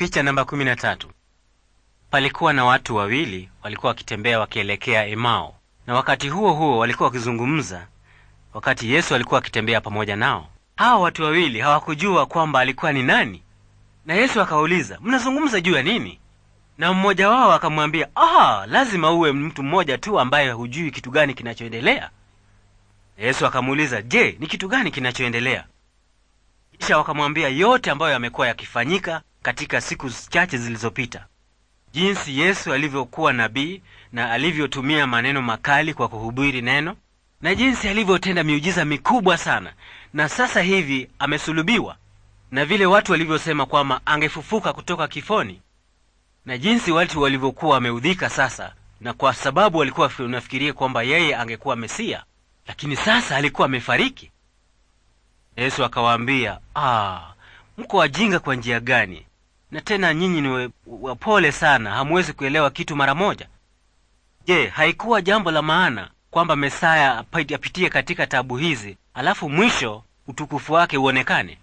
Picha namba tatu. Palikuwa na watu wawili walikuwa wakitembea wakielekea Emao, na wakati huo huo walikuwa wakizungumza, wakati Yesu alikuwa akitembea pamoja nao. Hawa watu wawili hawakujua kwamba alikuwa ni nani, na Yesu akawauliza, mnazungumza juu ya nini? Na mmoja wao akamwambia, ah, lazima uwe mtu mmoja tu ambaye hujui kitu gani kinachoendelea. Yesu akamuuliza, je, ni kitu gani kinachoendelea? Kisha wakamwambia yote ambayo yamekuwa yakifanyika katika siku chache zilizopita, jinsi Yesu alivyokuwa nabii na alivyotumia maneno makali kwa kuhubiri neno na jinsi alivyotenda miujiza mikubwa sana, na sasa hivi amesulubiwa, na vile watu walivyosema kwamba angefufuka kutoka kifoni, na jinsi watu walivyokuwa wameudhika sasa, na kwa sababu walikuwa unafikiria kwamba yeye angekuwa mesiya lakini sasa alikuwa amefariki. Yesu akawaambia, ah, mko wajinga kwa njia gani? na tena nyinyi ni wapole sana, hamwezi kuelewa kitu mara moja. Je, haikuwa jambo la maana kwamba Mesaya apitie katika tabu hizi, alafu mwisho utukufu wake uonekane?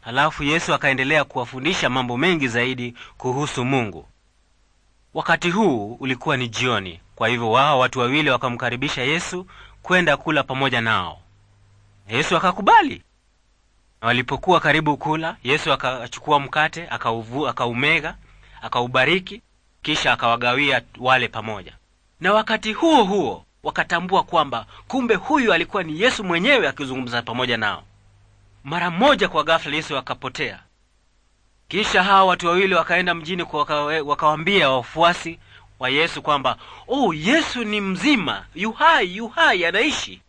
Halafu Yesu akaendelea kuwafundisha mambo mengi zaidi kuhusu Mungu. Wakati huu ulikuwa ni jioni, kwa hivyo wao watu wawili wakamkaribisha Yesu kwenda kula pamoja nao. Yesu akakubali. Walipokuwa karibu kula, Yesu akachukua mkate, akauvu, akaumega, akaubariki, kisha akawagawia wale pamoja. Na wakati huo huo wakatambua kwamba kumbe huyu alikuwa ni Yesu mwenyewe akizungumza pamoja nao. Mara moja kwa ghafla Yesu akapotea. Kisha hawa watu wawili wakaenda mjini wakawaambia wafuasi wa Yesu kwamba oh, Yesu ni mzima, yuhai yuhai anaishi.